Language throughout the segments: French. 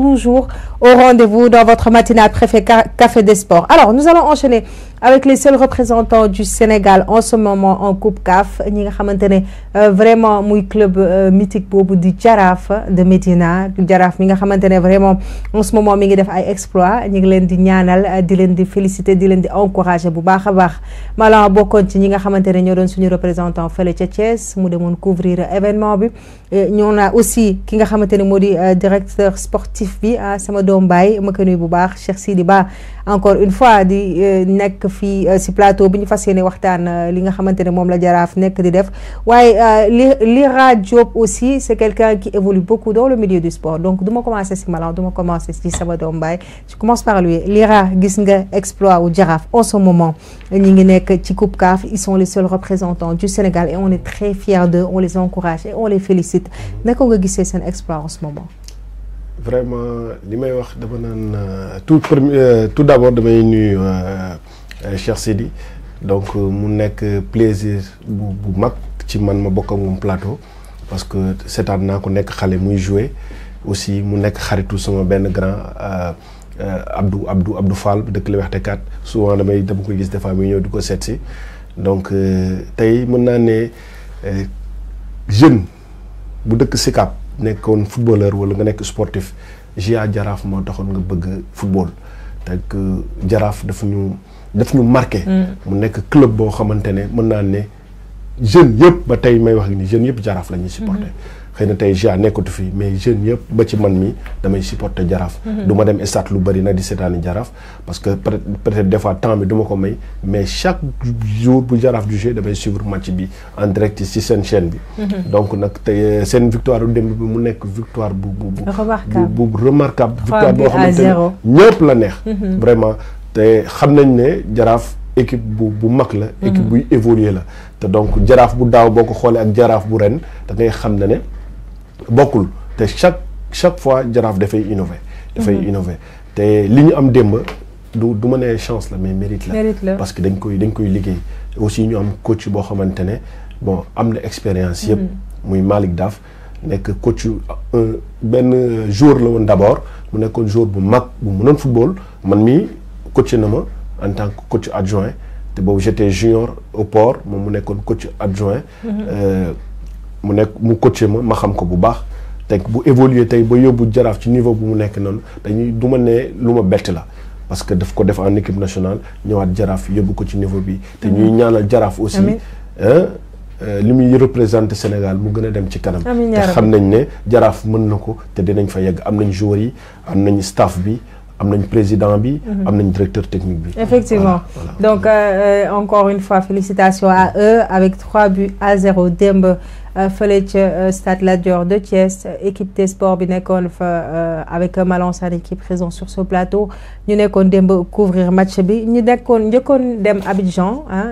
toujours au rendez-vous dans votre à préfet Café des Sports. Alors, nous allons enchaîner avec les seuls représentants du Sénégal en ce moment en Coupe CAF ñi nga xamante euh, vraiment muy club euh, mythique Bobu di Jaraaf de Médina Jaraaf mi nga xamante vraiment en ce moment mi ngi def ay exploits ñi ngi leen di ñaanal euh, di leen di féliciter di leen di encourager bu baax a baax Malang représentants, ci ñi nga xamante ñoo suñu représentant Thiès mu couvrir événement bi ñoo na aussi ki nga xamante le directeur sportif bi ah, sama doom baay ma ko nuyu bu baax Cheikh Sidi encore une fois di euh, nek fi ci euh, plateau biñu fassiyene fas waxtaan euh, li nga xamantene ne la jaraaf nek di def waye li Lira Diop aussi c'est quelqu'un qui évolue beaucoup dans le milieu du sport donc duma commencer ci si duma commencer ci commencé si Mbaye je commence par lui Lira gis nga exploit ou jaraaf en ce moment ñi ngi nek ci Coupe CAF ils sont les seuls représentants du Sénégal et on est très fiers d'eux on les encourage et on les félicite naka nga gisee sen exploit en ce moment vraiment li may wax dama nan euh, tout premier euh, tout d'abord dama damay nuyu euh, cher Sidi donc mu nek plaisir bu bu mag ci man ma bokk ak plateau parce que seetaan naa ko nek xalé muy jouer aussi mu nek xaritou sama ben grand Abdou Abdou Abdou Fall dëkk Liberté 4 souvent damay dama koy gis des fois muy ñëw diko setti donc tay mën naa ne jeune bu dëkk Sikap nekkoon footballeur wala nga nekk sportif GA jaraaf moo taxoon nga bëgg football teg jaraaf daf ñu daf ñu marqué. Mm. mu nekk club boo xamante ne mën naa ne jeunes yëpp ba tey may wax ni jeunes yëpp jaraaf la ñuy xëy na tey ja nekkatu fi mais jeune ñep ba ci man mi damay supporter jaraaf. Mhm. duma dem stade lu bari na di seetaani jaraaf. parce que peut-être des fois temps bi duma ko may mais chaque jour bu jaraaf du jeu damay suivre match bi en direct ci sen chaîne bi. Mhm. donc nak tey euh, sen victoire bu démb bi mu nek victoire bu bu bu. bu remarquable victoire boo xamante ne la neex. Mhm. vraiment té xamnañ né ne jaraaf. équipe bu bu mak la équipe bu évoluer la té donc jaraaf bu daw boo xolé ak jaraaf bu ren da ngay xam ne ne beaucoup. te chaque chaque fois jaraaf dafay innover dafay mhm. innover te ligne am démb du du chance la mais mérite la parce que dañ koy dañ koy liggéey aussi ñu am coach boo xamante bon am na expérience yëpp mhm. muy Malik Daf que coach un euh, ben jour la d'abord, d' abord mu jour bu mag bu mon football man mi coaché na ma en tant que coach adjoint te boobu j'étais junior au port moom mu nekkoon coach adjoint mhm. euh, mu nek mu coaché ma ma xam ko bu baax te bu évoluer tay ba yóbbu jaraaf ci niveau bu mu nek non dañuy duma né luma bet la parce que daf ko def en équipe nationale ñëwaat jaraaf yóbbu ko ci niveau bi te ñuy ñaanal jaraaf aussi hein euh, muy représenter Sénégal mu gëna dem ci kanam te xam nañ né jaraaf mën na ko te dinañ fa yegg am nañ joueurs yi am nañ staff bi am nañ président bi mhm. am nañ directeur technique bi effectivement donc euh, euh, encore une fois félicitations à eux avec 3 buts à 0 demb euh, fële ca euh, stade la Dior de Thiès euh, équipe de sport, bi golf fa avec un Sané équipe présent sur ce plateau Nous nekkoon pas couvrir match bi ñu nekkoon dem Abidjan ah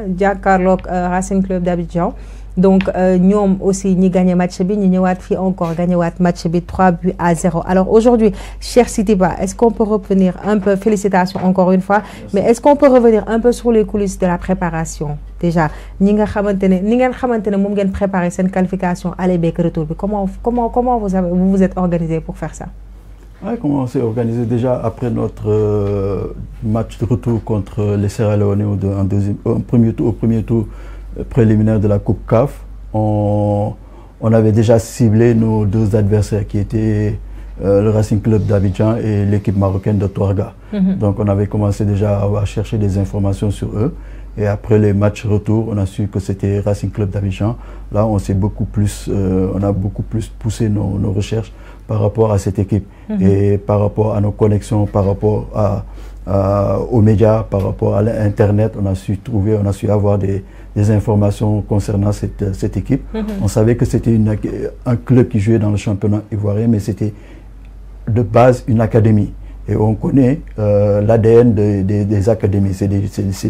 Racing Club d'Abidjan donc avons euh, aussi ñi gagné match bi avons encore gagné le match bi 3 buts à 0 alors aujourd'hui cher Sitiba, est-ce qu'on peut revenir un peu félicitations encore une fois mais est-ce qu'on peut revenir un peu sur les coulisses de la préparation déjà Nous avons préparé cette qualification à retour comment comment comment vous vous êtes organisé pour faire ça. comment on s'est organisé déjà après notre euh, match de retour contre les Sierra Leone premier tour, au premier tour préliminaire de la Coupe CAF, on, avait déjà ciblé nos deux adversaires qui étaient euh, le Racing Club d'Abidjan et l'équipe marocaine de Touarga. Mhm. Donc on avait commencé déjà à, chercher des informations sur eux. Et après les matchs retour, on a su que c'était Racing Club d'Abidjan. Là, on s'est beaucoup plus, euh, on a beaucoup plus poussé nos, recherches par rapport à cette équipe mhm. et par rapport à nos connexions, par rapport aux médias, par rapport à l'internet. On a su trouver, on a su avoir des, des informations concernant cette, euh, équipe. Mhm. On savait que c'était un club qui jouait dans le championnat ivoirien, mais c'était de base une académie. Et on connaît euh, l'ADN des académies. C'est des,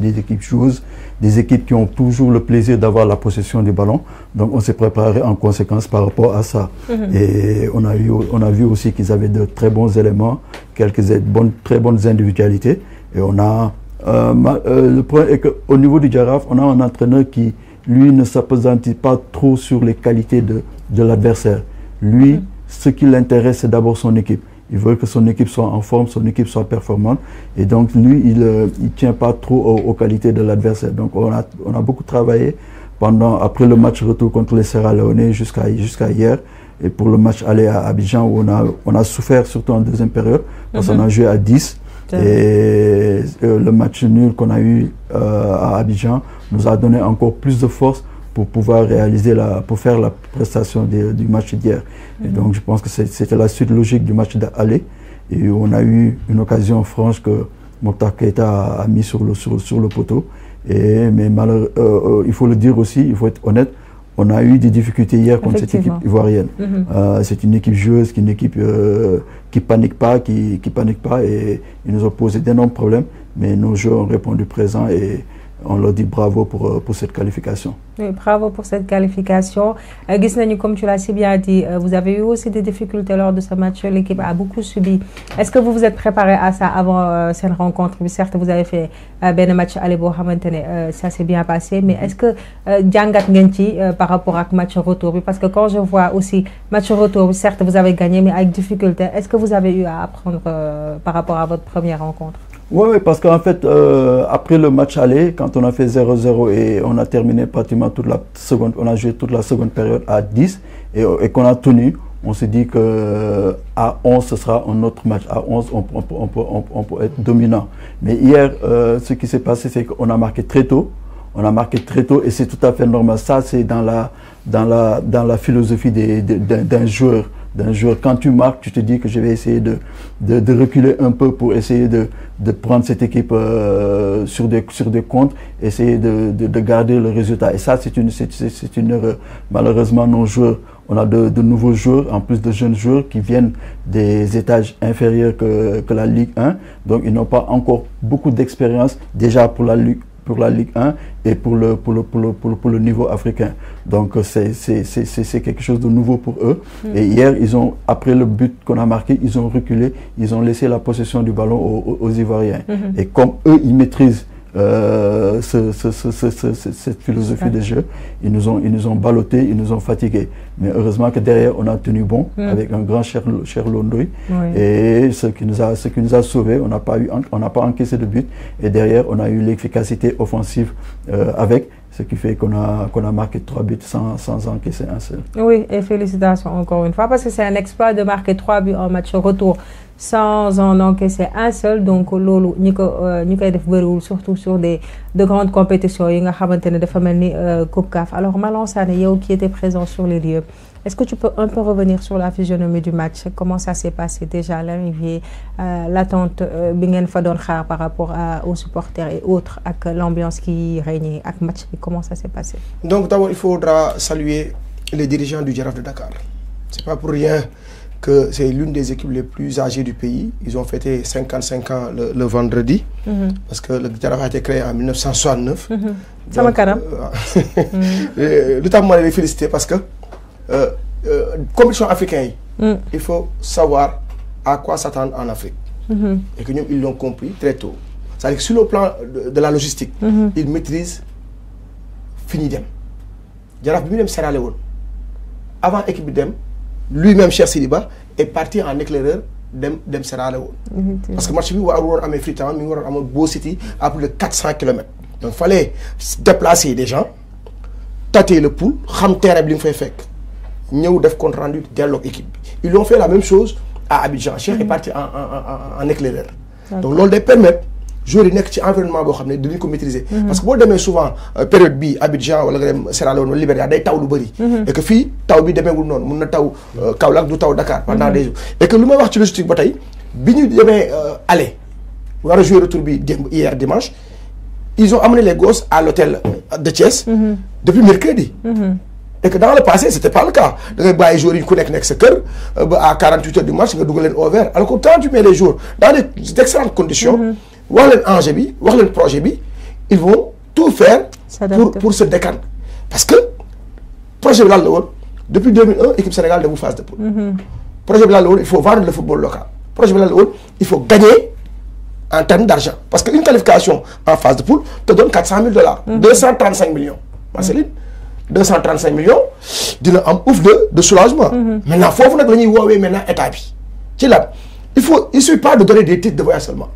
des, équipes joueuses, des équipes qui ont toujours le plaisir d'avoir la possession du ballon. Donc on s'est préparé en conséquence par rapport à ça. Mhm. Et on a, on a vu aussi qu'ils avaient de très bons éléments, quelques bonnes, très bonnes individualités. Et on a euh, euh, le problème est qu'au niveau du Jaraf, on a un entraîneur qui, lui, ne s'apesantit pas trop sur les qualités de, l'adversaire. Lui, mm-hmm. ce qui l'intéresse, c'est d'abord son équipe. Il veut que son équipe soit en forme, son équipe soit performante. Et donc, lui, il ne euh, tient pas trop aux, qualités de l'adversaire. Donc, on a, beaucoup travaillé pendant, après le match retour contre les Sierra Leone jusqu'à hier et pour le match aller à Abidjan où on a, on a souffert surtout en deuxième période parce qu'on mm-hmm. a joué à 10 et euh, le match nul qu'on a eu euh, à Abidjan nous a donné encore plus de force pour pouvoir réaliser la, pour faire la prestation du match d'hier. Et donc je pense que c'était la suite logique du match d'aller. Et on a eu une occasion franche que Mokhtar Keita a, mis sur le, sur, le poteau. Et, mais malheureux, euh, euh, il faut le dire aussi, il faut être honnête, on a eu des difficultés hier contre cette équipe ivoirienne. Mm-hmm. Euh, c'est une équipe joueuse, une équipe euh, qui panique pas, qui, qui panique pas, et ils nous ont posé d'énormes problèmes, mais nos joueurs ont répondu présent et on leur dit bravo pour, euh, pour cette qualification. Oui, bravo pour cette qualification. Euh, Gisnani, comme tu l'as si bien dit, euh, vous avez eu aussi des difficultés lors de ce match. L'équipe a beaucoup subi. Est-ce que vous vous êtes préparé à ça avant cette rencontre Mais Certes, vous avez fait ben un match à euh, ça s'est bien passé. Mais mm-hmm. est-ce que Djangat par rapport à match retour Parce que quand je vois aussi match retour, certes, vous avez gagné, mais avec difficulté. Est-ce que vous avez eu à apprendre par rapport à votre première rencontre oui, parce qu'en fait, euh, après le match aller, quand on a fait 0-0 et on a terminé pratiquement toute la seconde, on a joué toute la seconde période à 10 et, qu'on a tenu, on s'est dit que euh, à 11, ce sera un autre match. À 11, on, on, peut, être dominant. Mais hier, euh, ce qui s'est passé, c'est qu'on a marqué très tôt. On a marqué très tôt et c'est tout à fait normal. Ça, c'est dans la, dans, la, dans la philosophie d'un joueur d'un joueur. Quand tu marques, tu te dis que je vais essayer de, reculer un peu pour essayer de, prendre cette équipe euh, sur, des, sur des comptes, essayer de, de garder le résultat. Et ça, c'est une, c'est, une erreur. Malheureusement, nos joueurs, on a de, nouveaux joueurs, en plus de jeunes joueurs qui viennent des étages inférieurs que, la Ligue 1. Donc, ils n'ont pas encore beaucoup d'expérience déjà pour la Ligue pour la Ligue 1 et pour le, pour le, pour le, pour le, niveau africain. Donc c'est quelque chose de nouveau pour eux. Hmm. Et hier, ils ont, après le but qu'on a marqué, ils ont reculé, ils ont laissé la possession du ballon aux, Ivoiriens. Hmm. Et comme eux, ils maîtrisent euh, cette philosophie de jeu. Ils nous ont, ils nous ont ballottés, ils nous ont fatigués. Mais heureusement que derrière, on a tenu bon hmm. avec un grand cher, cher Et ce qui nous a, ce qui nous a sauvés, on n'a pas eu, on n'a pas encaissé de but. Et derrière, on a eu l'efficacité offensive euh, avec ce qui fait qu'on a, qu'on a marqué trois buts sans, sans, encaisser un seul. Oui, et félicitations encore une fois, parce que c'est un exploit de marquer trois buts en match retour sans en encaisser un seul donc lolo ko euh, surtout sur des de grandes compétitions yi nga xamante ne des euh, Coupe CAF alors Malang qui était présent sur les lieux est-ce que tu peux un peu revenir sur la physionomie du match comment ça s'est passé déjà l'arrivée euh, l'attente bi fa par rapport aux supporters et autres avec l'ambiance qui régnait le match comment ça s'est passé donc d'abord il faudra saluer les dirigeants du Giraffe de Dakar c'est pas pour rien que c'est l'une des équipes les plus âgées du pays. Ils ont fêté 55 ans le, vendredi, mhm. parce que le Guitara a été créé en 1969. Mhm. Ça m'a euh, euh, Le les féliciter parce que, euh, comme ils sont africains, mhm. il faut savoir à quoi s'attendre en Afrique. Et que nous, ils l'ont compris très tôt. C'est-à-dire que sur le plan de, la logistique, ils maîtrisent Finidem. a Bimidem Serra sénat. Avant l'équipe Dem, lui-même Cher Sidiba est parti en éclaireur dem dem parce que match bi suis woon à Freetown mi ngi waroon Beau City à plus de 400 km. Donc donc fallait déplacer des gens tâter le pouls xam terrain bi li nga fay compte rendu delloo équipe ils ont fait la même chose à Abidjan Cheikh est mhm. parti en en en en éclaireur donc l'on permet joueurs yi nekk ci environnement bo xamné dañ ko maîtriser. Mhm. parce que bo démé souvent euh, période bi Abidjan ou nga dem Sierra Leone wala Liberia day taw lu bari mhm. et que fi taw bi demeewul noonu mun na taw euh, Kaolack du taw Dakar. pendant mhm. des jours et que luma wax ci logistique batay biñu démé euh, aller war jouer retour bi hier dimanche ils ont amené les gosses à l'hôtel de Thiès. depuis mercredi. et que dans le passé c'était pas le cas da ngay bàyyi joueurs yi ku nekk nekk à 48 heures du match nga dugal au vert alors que quand tu mets les jours dans des excellentes conditions. Voir leen bi projet ils vont tout faire pour pour se décaler, parce que projet de depuis 2001 équipe Sénégal vous phase de poule mhm. projet bi il faut vendre le football local projet il faut gagner en termes d'argent parce qu'une qualification en phase de poule te donne 400 000 dollars 235 mhm. millions Marceline 235 millions d'une un ouf de de soulagement mhm. maintenant il faut que vous Huawei, maintenant état ci il faut suffit pas de donner des titres de voyage seulement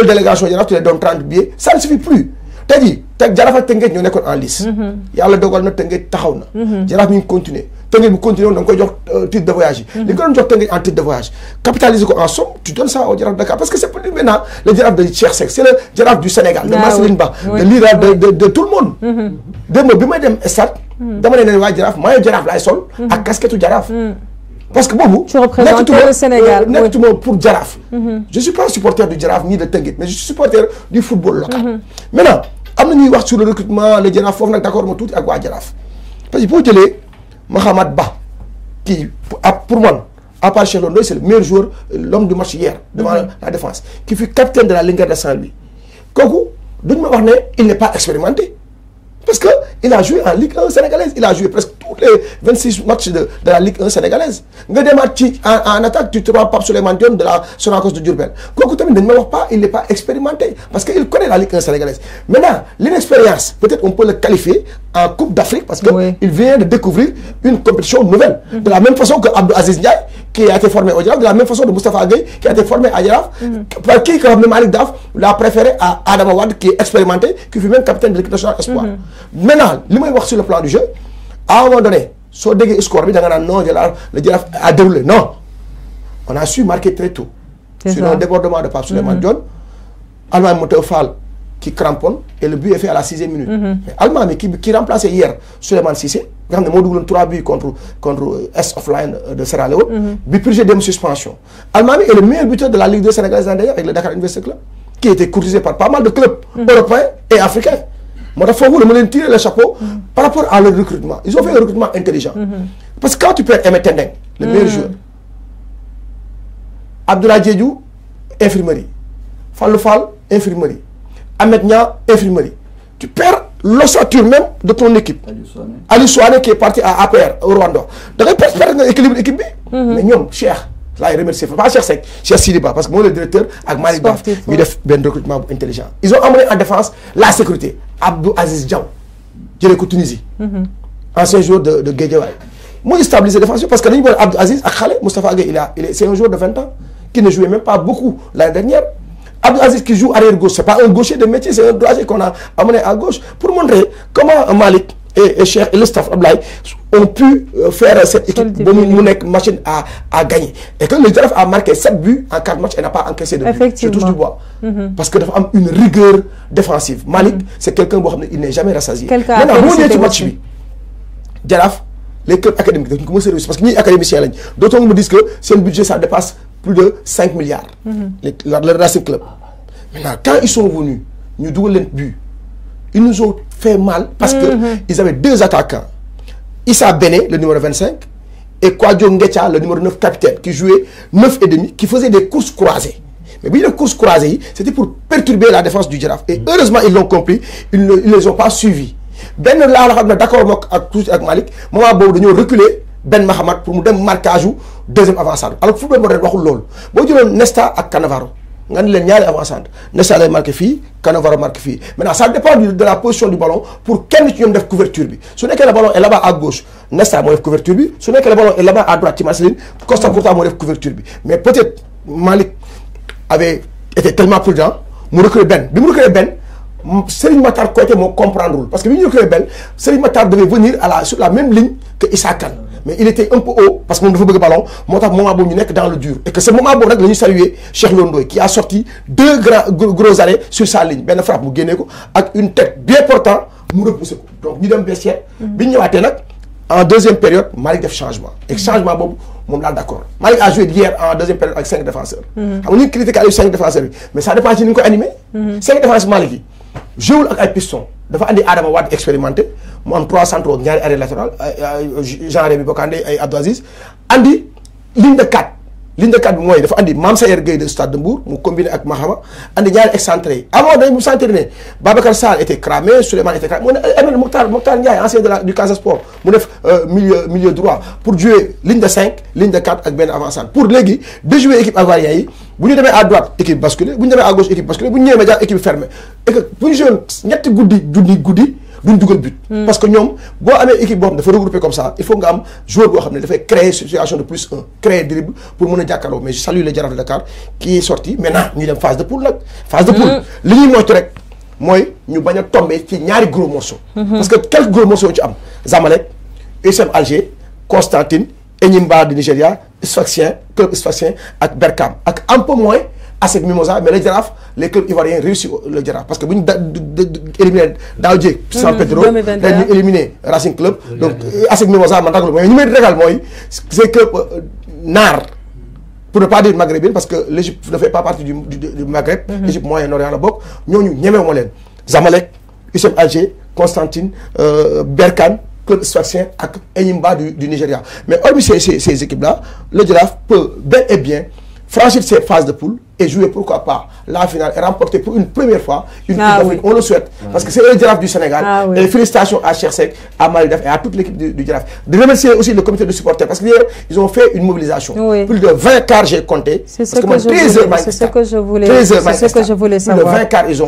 une délégation tu les donnes 30 billets ça ne suffit plus Tu as dit Jaraaf ak Tëngéej ñoo en lice mhm. as dit na Tëngéej dit, t'as mhm. Jaraaf continuer dit, tu continuer dit da jox euh, titre de voyage mhm. li tu as jox en titre de voyage capitalise ko tu donnes ça au girafes de Dakar parce que c'est tu maintenant le girafes de dit, c'est le du Sénégal de ah Marceline Ba de Lira de tout le monde démb dit, tu dem dit dama dit, sol parce que bon tu représentes le Sénégal euh, pour Giraffe, mm-hmm. je suis pas un supporter de Giraffe ni de Teungueth mais je suis supporter du football local. Mm-hmm. maintenant on a ñuy sur le recrutement le Djaraf, on est d'accord, avec tout est à quoi Giraffe. parce que vous Mohamed Mohamed Ba qui pour moi, à part chez Londres, c'est le meilleur joueur euh, l'homme du match hier. devant mm-hmm. la défense qui fut capitaine de la Linguère de Saint-Louis kooku duñ il n'est pas expérimenté. Parce qu'il a joué en Ligue 1 sénégalaise. Il a joué presque tous les 26 matchs de, la Ligue 1 sénégalaise. Il des matchs en, attaque, tu te rends sur les mandiums de la Sonacos de Durban. Il n'est pas expérimenté parce qu'il connaît la Ligue 1 sénégalaise. Maintenant, l'inexpérience, peut-être on peut le qualifier en Coupe d'Afrique parce qu'il vient de découvrir une compétition nouvelle. De la même façon que Abdou Aziz Ndiaye, qui a été formé au Giraffe, de la même façon de Moustapha Gueye, qui a été formé à Giraffe, mm-hmm. par qui, comme Malik Daf, l'a préféré à Adam Awad, qui est expérimenté, qui fut même capitaine de l'équipe de nationale espoir. Mm-hmm. Maintenant, ce que voir sur le plan du jeu, à un moment donné, score, on a score, non, le Giraffe a déroulé. Non. On a su marquer très tôt. Sur un débordement de Pape Suleiman John, mm-hmm. Allemagne fall qui cramponne, et le but est fait à la sixième minute. Allemagne, qui, qui remplaçait hier Suleiman Sissé, nga a ne 3 buts contre contre euh, S Offline euh, de Sierra Leone. Mm-hmm. bi purgé suspension. Almami est le meilleur buteur de la Ligue de sénégalaise avec le Dakar Université Club qui était courtisé par pas mal de clubs. Mm-hmm. européens et africains. Moi, d'abord, vous le tirer le chapeau. Mm-hmm. par rapport à leur recrutement ils ont fait un recrutement intelligent. parce que quand tu perds Aimé Tendeng. le meilleur joueur. Abdoulaye Diédhiou infirmerie. Fallou Fall infirmerie. Ahmed Nia infirmerie. tu perds l'ossature même de ton équipe. Ali Souane qui est parti à APR au Rwanda Donc, il peut faire un équilibre équipe bi. Mhm. mais cher, là, il remercie, pas Cheikh chers Cheikh Sidiba parce que moi le directeur ak baf il ñu fait un recrutement intelligent ils ont amené en défense la sécurité Abdou Aziz Diaw coup ko Tunisie mhm. ancien joueur de de Guédiawaye stabilisé la défense parce que dañu Abdou Aziz ak xale Moustapha il est c'est un joueur de 20 ans qui ne jouait même pas beaucoup l'année dernière Abdelaziz qui joue arrière gauche, c'est pas un gaucher de métier, c'est un gaucher qu'on a amené à gauche pour montrer comment Malik et, Cher et le staff Ablaï ont pu euh, faire cette équipe de machine à, à gagner. Et quand le staff a marqué 7 buts en 4 matchs, elle n'a pas encaissé de but. Je touche du bois. Parce que une rigueur défensive. Malik, mhm. c'est quelqu'un qui n'est jamais rassasié. quelqu'un vous dites match, lui. Jaraf, les clubs académiques, Parce que les D'autres me disent que c'est un budget, ça dépasse plus de 5 milliards. Mm-hmm. Le Club. Maintenant, quand ils sont venus, nous avons le but. Ils nous ont fait mal parce qu'ils mm-hmm. avaient deux attaquants. Issa Bene, le numéro 25, et Kwadjo Ngecha, le numéro 9 capitaine, qui jouait 9 et demi, qui faisait des courses croisées. Mais oui les courses croisées, c'était pour perturber la défense du Giraffe Et mm-hmm. heureusement, ils l'ont compris, ils ne les ont pas suivis. Ben là, d'accord avec Malik, moi, je reculer Ben Mahamad pour nous donner un marquage deuxième avant-centre alors football moderne waxul lool bo jëloon Nesta ak canavaro. nga ni leen ñaari avant-centre Nesta lay marqué fi, canavaro marqué fi maintenant ça dépend de la position du ballon pour kenn ci ñom def couverture bi su nekk le ballon est là-bas à gauche Nesta a def couverture bi su nekk le ballon est là-bas à droite Timas Line Costa Curta moo def couverture bi mais peut-être Malik avait été tellement prudent mu recule ben bi mu recruter benn Serigne Matar côté mo comprendre parce que bi ñu recule ben Serigne Matar devait venir à la sur la même ligne que Issa mais il était un peu haut parce que veut pas le ballon moo tax moment dans le dur et que ce moment là que nous ñu saluer Cheikh Londoy qui a sorti deux gros arrêts sur sa ligne Ben frappe mu ko une tête bien portante mu repoussé donc nous dem bestiaire mm-hmm. bi en deuxième période Malick fait changement et changement nous sommes d'accord. Malik a joué hier en deuxième période avec cinq défenseurs On mm-hmm. nga critiqué avec cinq défenseurs mais ça dépend si nous ñu ko mm-hmm. cinq défenseurs Malik. Joue avec ak piston dafa andi Adama Wade expérimenté mu am trois centraux ñaari arrêt latéral genre bi Bocandé ay Abdou Aziz andi ligne de 4 ligne de il faut mooy dafa andi de Stade de Mbour mu combiné avec Mahama andi ñaari excentré avant dañ mu sentir Babacar Sall était cramé Souleymane était cramé mu eh, Emel Mokhtar Mokhtar Ndiaye ancien de la du Casa Sport mu def euh, milieu milieu droit pour jouer ligne de 5 ligne de 4 ak Ben avançant pour léegi jouer équipe avariée. buñu démé à droite équipe basculée buñu démé à gauche équipe basculée buñu ñëwé ñëwee équipe fermée et que bu ñu joué ñetti guddi goudi duñ but. Hmm. parce que ñom boo amé équipe bo xam dafa regroupé comme ça il faut nga am joueur bo xamné da fay créer situation de plus un créer dribble pour mëna a mais je salue le Jaraaf de Dakar qui est sorti maintenant ñu dem phase de poule nak phase de hmm. poule li ñuy moytu rek moy ñu baña tomber ci ñaari gros morceaux. Hmm. parce que quel gros morceaux ci am Zamalek USM Alger Constantine Enimba de Nigeria Sfaxien club Sfaxien ak Berkane ak un peu moins. ASEC Mimosa mais les girafes, les clubs ivoiriens réussissent le girafe parce que nous avons éliminé daaw saint San Pedro nous éliminé Racing Club. donc euh, ASEC Mimosa man un mais ñu may ces clubs euh, NAR, pour ne pas dire maghrébin parce que l'Égypte ne fait pas partie du du Maghreb. Mm-hmm. l'Égypte Moyen-Orient la avons Zamalek Hussein Alger Constantine euh, Berkan, club sfaxien et Enyimba du Nigeria. mais hormis ces ces ces équipes là le girafe peut bel et bien franchir ses phases de poule et jouer pourquoi pas la finale et remporter pour une première fois une ah On le souhaite ah parce que c'est le draft du Sénégal. Ah et félicitations à Chersek, à Maridaf et à toute l'équipe du, du De remercier aussi le comité de supporters parce qu'ils ont fait une mobilisation. Plus de 20 quarts, j'ai compté. C'est ce, que, je voulais, c'est ce que je voulais savoir. Plus de 20 quarts, ils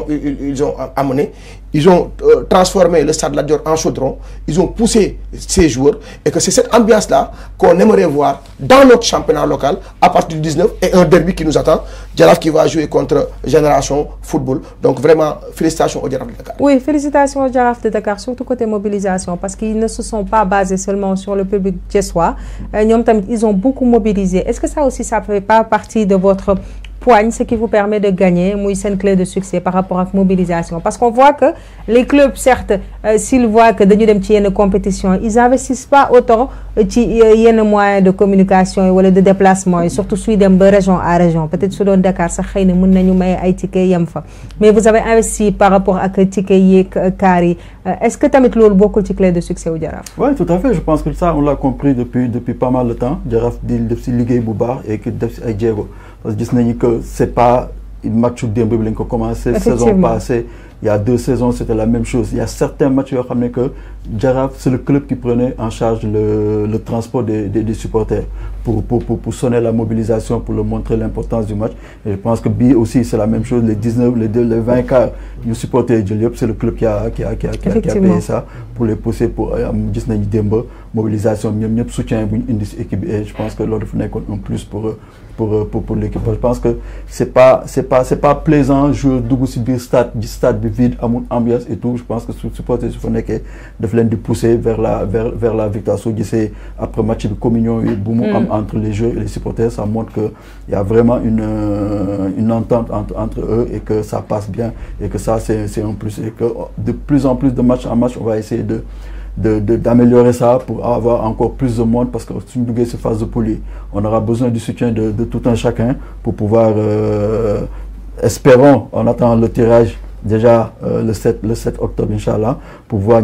ont amené ils ont euh, transformé le stade la Dior en chaudron, ils ont poussé ces joueurs et que c'est cette ambiance-là qu'on aimerait voir dans notre championnat local à partir du 19 et un derby qui nous attend, Djalaf qui va jouer contre Génération Football. Donc vraiment, félicitations au Diaraf de Dakar. Oui, félicitations au Diaraf de Dakar, surtout côté mobilisation, parce qu'ils ne se sont pas basés seulement sur le public jessois, euh, ils ont beaucoup mobilisé. Est-ce que ça aussi, ça ne fait pas partie de votre ce qui vous permet de gagner c'est une clé de succès par rapport à la mobilisation parce qu'on voit que les clubs certes euh, s'ils voient que dañu dem ci compétition ils n'investissent pas autant ci euh, yenn moyens de communication ou de déplacement et surtout suy dem région à région peut-être su le Dakar ça xëy mën nañu may ay ticket mais vous avez investi par rapport à ticket yek kaar euh, est-ce que tamit lool beaucoup ci clé de succès wu oui tout à fait je pense que ça on l'a compris depuis depuis pas mal de temps djaraf dil def si bu baax et que def parce que pas une match où a commencé saison passée il y a deux saisons c'était la même chose il y a certains matchs où que Djaraf, C'est le club qui prenait en charge le transport des supporters pour, pour sonner la mobilisation pour leur montrer l'importance du match et je pense que Bi aussi c'est la même chose les 19 les 2, les 20 quarts ñu supporter de c'est le club qui a qui payé ça pour les pousser pour Disney euh, mobilisation mieux soutien équipe et je pense que l'ordre dafa en un plus pour eux. Euh, pour, pour, l'équipe. Je pense que c'est pas c'est pas c'est pas plaisant jouer double si stade du stade vide ambiance et tout je pense que les supporter su de pousser vers la vers vers la victoire après match de communion et mm. entre les joueurs et les supporters ça montre que il y a vraiment une euh, une entente entre eux et que ça passe bien et que ça c'est c'est un plus et que de plus en plus de match en match on va essayer de d'améliorer de, ça pour avoir encore plus de monde parce que si se fasse de poli On aura besoin du soutien de, tout un chacun pour pouvoir, euh, espérons, en attendant le tirage déjà euh, le, 7, le 7 octobre, Inch'Allah, pour voir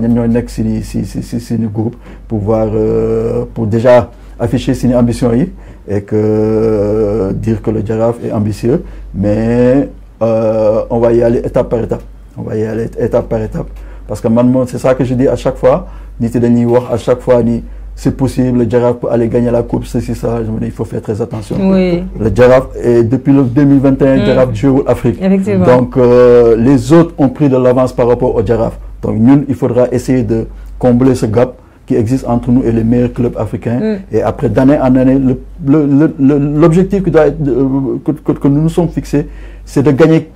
si, si, si, si, groupe, pour, voir, euh, pour déjà afficher ses ambitions et que euh, dire que le girafe est ambitieux, mais on va y aller étape par étape. On va y aller étape par étape parce que maintenant, c'est ça que je dis à chaque fois Ni à chaque fois ni c'est possible le Giraffe peut aller gagner la coupe ceci ça je me dis il faut faire très attention. le et depuis le 2021. Mmh. Jaraaf Afrique. donc euh, les autres ont pris de l'avance par rapport au Giraffe. donc nous, il faudra essayer de combler ce gap. qui existe entre nous et les meilleurs clubs africains. Mm. Et après, d'année en année, l'objectif euh, que, que, nous nous sommes fixés, c'est de gagner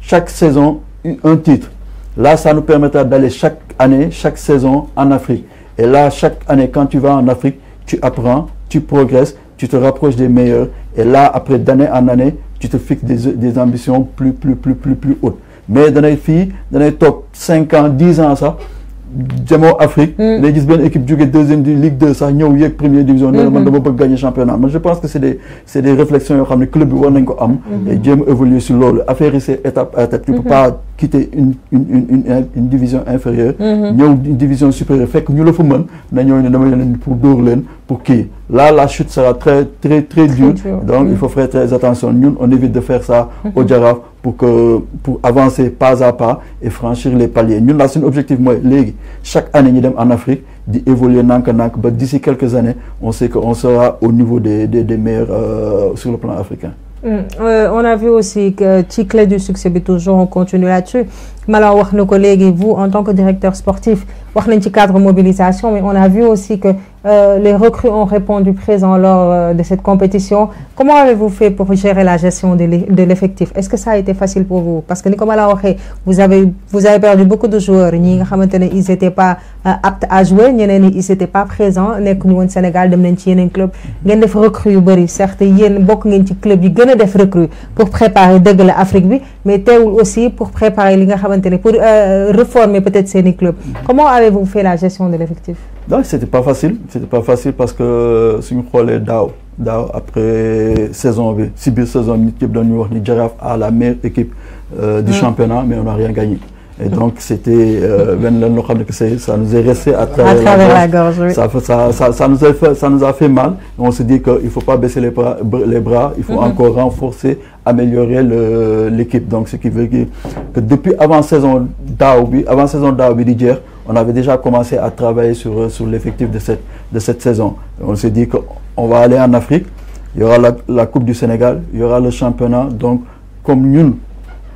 chaque saison un titre. Là, ça nous permettra d'aller chaque année, chaque saison en Afrique. Et là, chaque année, quand tu vas en Afrique, tu apprends, tu progresses, tu te rapproches des meilleurs. Et là, après d'année en année, tu te fixes des, ambitions plus, plus, plus, plus, plus hautes. Mais dans les filles, dans les top 5 ans, 10 ans, ça, Jamoo Afrique. day hmm. gis benn équipe jóge deuxième de Ligue 2 ça ñëw yeeg première division. nee na man hmm. dama bëgg gagner championnat Mais je pense que c'est des c'est des réflexions yoo le club bi war nañ ko am. day hmm. évoluer sur loolu affaire c'est étape à étape. tu peux pas quitter une une une une une division inférieure. ñëw une division supérieure fekk ñu la fa mën na ñooñu dama pour dóor pour qui là, la chute sera très, très, très, dure. Donc, il faut faire très attention. Nous, on évite de faire ça mhm. au Djaraf pour, que, pour avancer pas à pas et franchir les paliers. Nous, là, c'est un objectif. Moi, chaque année, nous sommes en Afrique, d'évoluer D'ici quelques années, on sait qu'on sera au niveau des, des, meilleurs euh, sur le plan africain. Mm. Euh, on a vu aussi que clé du succès, mais toujours on continue là-dessus. Malheureusement, nos collègues et vous en tant que directeur sportif wax nañ ci cadre mobilisation mais on a vu aussi que euh, les recrues ont répondu présent lors euh, de cette compétition comment avez-vous fait pour gérer la gestion de l'effectif est-ce que ça a été facile pour vous parce que vous avez vous avez perdu beaucoup de joueurs ni ils n'étaient pas euh, aptes à jouer ils n'étaient pas présents Nous, ñu won Sénégal nous avons un club qui def recrues yu certains, certes yeen bokk ngeen ci club yi qui def recrues pour préparer l'Afrique, mais téwul aussi pour préparer li nga pour euh, reformer peut-être ces club mhm. comment avez-vous fait la gestion de l'effectif non c'était pas facile c'était pas facile parce que euh, si xoolee daw, daw après saison v si bien saison une équipe de new york la meilleure équipe euh, du ah. championnat mais on n'a rien gagné Et donc, c'était ça nous est resté à travers, la gorge. ça, ça, nous a fait, ça nous a fait mal. On se dit qu'il ne faut pas baisser les bras, les bras il faut mhm. encore renforcer améliorer l'équipe. Donc, ce qui veut dire que depuis avant saison d'Aoubi, avant saison d'Aoubi on avait déjà commencé à travailler sur, sur l'effectif de cette, de cette saison. On s'est dit qu'on va aller en Afrique, il y aura la, Coupe du Sénégal, il y aura le championnat. Donc, comme nous,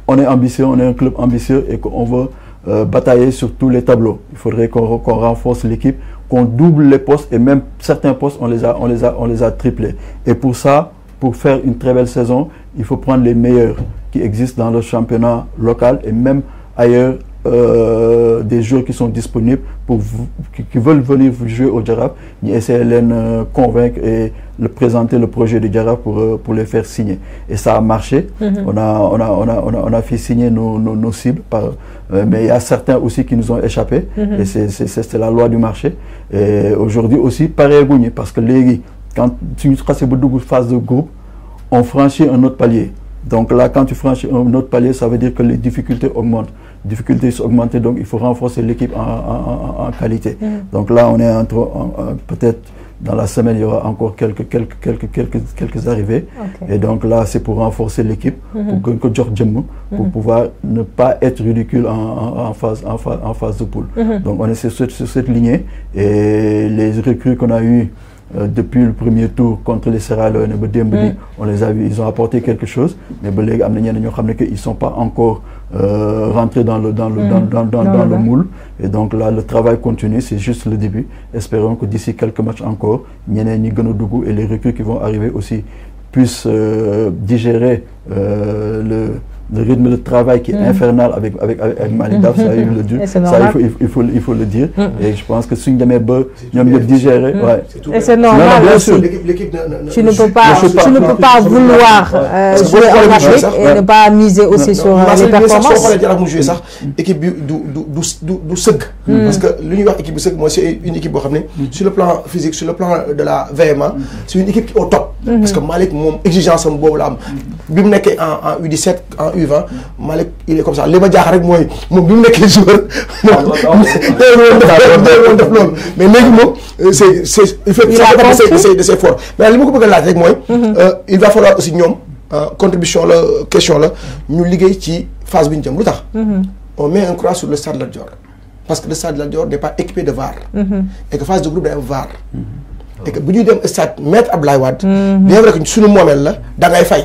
on est ambitieux, on est un club ambitieux et qu'on veut euh, batailler sur tous les tableaux. Il faudrait qu'on renforce l'équipe, qu'on double les postes et même certains postes, on les a, on les a, on les a triplés. Et pour ça, pour faire une très belle saison, il faut prendre les meilleurs qui existent dans le championnat local et même ailleurs euh, des joueurs qui sont disponibles pour qui, veulent venir jouer au Djarab, ni essayer de les euh, convaincre et le présenter le projet du Djarab pour, euh, pour les faire signer. Et ça a marché. Mm-hmm. on, a, on, a, on, a, on, a, fait signer nos, nos, cibles, par, mais il y a certains aussi qui nous ont échappé. Mm-hmm. Et Et c'est la loi du marché. Et aujourd'hui aussi, pareil, parce que les quand tu nous une phase de groupe, on franchit un autre palier. Donc là, quand tu franchis un autre palier, ça veut dire que les difficultés augmentent. Les difficultés sont augmentées, donc il faut renforcer l'équipe en, qualité. Mm. Donc là, on est entre, peut-être dans la semaine, il y aura encore quelques, quelques, quelques, quelques, quelques arrivées. Et donc là, c'est pour renforcer l'équipe, mm-hmm. pour que pour, pour, mm-hmm. pour pouvoir ne pas être ridicule en, phase, en, phase, de poule. Mm-hmm. Donc on est sur cette, sur cette lignée. Et les recrues qu'on a eu euh, depuis le premier tour contre les Sierra et mm. on les a vu ils ont apporté quelque chose mais ils ne sont pas encore euh, rentrés dans le dans le dans mm. le moule et donc là le travail continue c'est juste le début espérons que d'ici quelques matchs encore et les recrues qui vont arriver aussi puissent euh, digérer le le rythme, de travail qui est mm. infernal avec, avec, avec Manidaf, ça, il, le dur, ça il, faut, il, faut, il faut le dire. Mm. Et je pense que si jamais bœuf, il a mieux digéré. Mmh. Ouais. Et c'est normal. Non, bien sûr. tu ne peux pas, tu ne peux pas vouloir euh, jouer en Afrique et ne pas miser aussi sur les performances. Équipe du SEG. Mm. Parce que l'univers équipe du SEG, moi, c'est une équipe, sur le plan physique, sur le plan de la VMA, c'est une équipe au top. Mm-hmm. Parce que Malik, mon exigence, c'est un beau l'âme. en U17, en U17, suivant Malick il est comme ça les ma jaax rek mon moom n'est mu nekkee joueur ah, mais mec c'est c'est il faut essayer de ses forts mais li ma ko bëgg a rek mooy mhm. euh, il va falloir aussi ñoom euh, contribution la question la ñu liguer ci phase bi ñu jëm mhm. on met un croix sur le stade Lat Dior parce que le stade Lat Dior n'est pas équipé de VAR mhm. et que phase de groupe day VAR et que bu ñuy dem stade maître Abdoulaye Wade bien vrai que suñu moomeel la da ngay fay